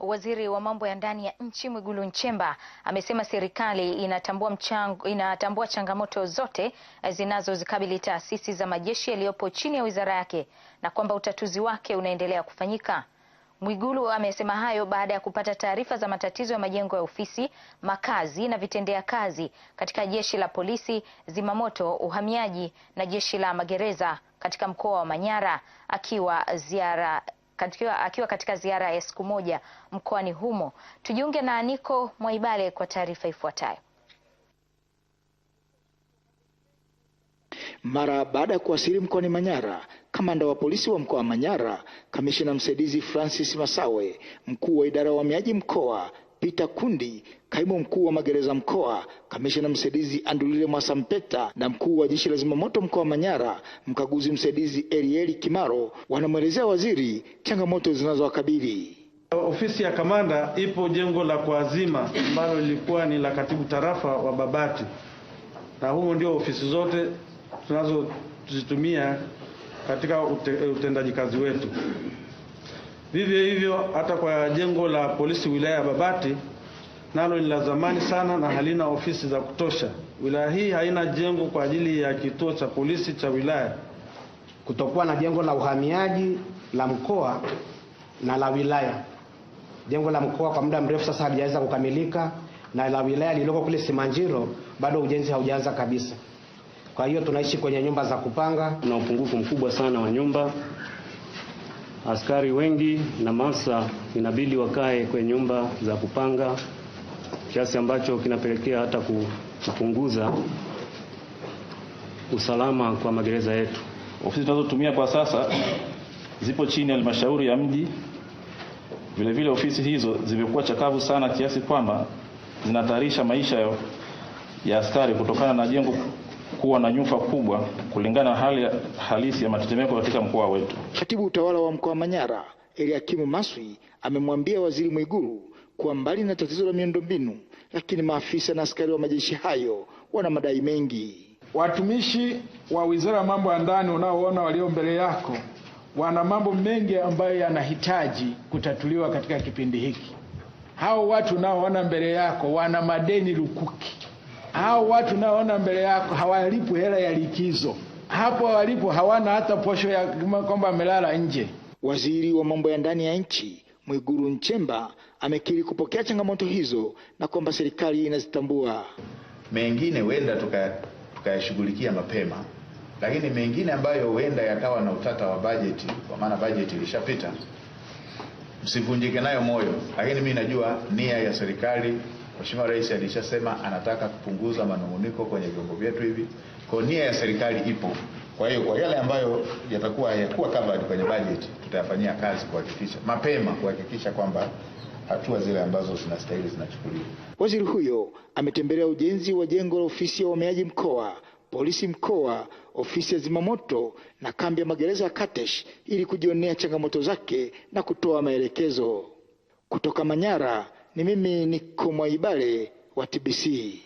Waziri wa mambo ya ndani ya nchi Mwigulu Nchemba amesema serikali inatambua mchango, inatambua changamoto zote zinazozikabili taasisi za majeshi yaliyopo chini ya wizara yake na kwamba utatuzi wake unaendelea kufanyika. Mwigulu amesema hayo baada ya kupata taarifa za matatizo ya majengo ya ofisi, makazi na vitendea kazi katika jeshi la polisi, zimamoto, uhamiaji na jeshi la magereza katika mkoa wa Manyara akiwa ziara katika, akiwa katika ziara ya siku moja mkoani humo. Tujiunge na Niko Mwaibale kwa taarifa ifuatayo. Mara baada ya kuwasili mkoani Manyara, kamanda wa polisi wa mkoa wa Manyara, kamishina msaidizi Francis Masawe, mkuu wa idara ya uhamiaji mkoa Peter Kundi kaimu mkuu wa magereza mkoa, kamishina msaidizi Andulile Mwasampeta na mkuu wa jeshi la zimamoto mkoa wa Manyara, mkaguzi msaidizi Erieli Kimaro wanamwelezea waziri changamoto zinazowakabili. Ofisi ya kamanda ipo jengo la kuazima ambalo lilikuwa ni la katibu tarafa wa Babati, na huo ndio ofisi zote tunazozitumia katika ute, utendaji kazi wetu. Vivyo hivyo hata kwa jengo la polisi wilaya ya Babati nalo ni la zamani sana na halina ofisi za kutosha. Wilaya hii haina jengo kwa ajili ya kituo cha polisi cha wilaya. Kutokuwa na jengo la uhamiaji la mkoa na la wilaya. Jengo la mkoa kwa muda mrefu sasa halijaweza kukamilika na la wilaya lililoko kule Simanjiro bado ujenzi haujaanza kabisa. Kwa hiyo tunaishi kwenye nyumba za kupanga. Kuna upungufu mkubwa sana wa nyumba. Askari wengi na masa inabidi wakae kwenye nyumba za kupanga kiasi ambacho kinapelekea hata kupunguza usalama kwa magereza yetu. Ofisi tunazotumia kwa sasa zipo chini ya halmashauri ya mji. Vilevile ofisi hizo zimekuwa chakavu sana kiasi kwamba zinatarisha maisha ya, ya askari kutokana na jengo kuwa na nyufa kubwa kulingana na hali halisi ya matetemeko katika mkoa wetu. Katibu utawala wa mkoa Manyara Eliakimu Maswi amemwambia Waziri Mwigulu kwa mbali na tatizo la miundombinu, lakini maafisa na askari wa majeshi hayo wana madai mengi. Watumishi wa Wizara ya Mambo ya Ndani unaoona walio mbele yako wana mambo mengi ambayo yanahitaji kutatuliwa katika kipindi hiki. Hao watu unaoona mbele yako wana madeni lukuki. Hao watu unaoona mbele yako hawalipu hela ya likizo, hapo walipo hawana hata posho ya kwamba amelala nje. Waziri wa mambo ya ndani ya nchi mwiguru Nchemba amekiri kupokea changamoto hizo na kwamba serikali inazitambua. Mengine huenda tukayashughulikia tuka mapema, lakini mengine ambayo huenda yakawa na utata wa bajeti, kwa maana bajeti ilishapita, msivunjike nayo moyo. Lakini mi najua nia ya serikali, Mheshimiwa Rais alishasema anataka kupunguza manunguniko kwenye vyombo vyetu hivi, kwa nia ya serikali ipo. Kwa hiyo kwa yale ambayo yatakuwa hayakuwa covered kwenye budget, tutayafanyia kazi kuhakikisha mapema, kuhakikisha kwamba hatua zile ambazo zinastahili zinachukuliwa. Waziri huyo ametembelea ujenzi wa jengo la ofisi ya uhamiaji mkoa, polisi mkoa, ofisi ya zimamoto na kambi ya magereza ya Katesh ili kujionea changamoto zake na kutoa maelekezo. Kutoka Manyara ni mimi niko Mwaibale wa TBC.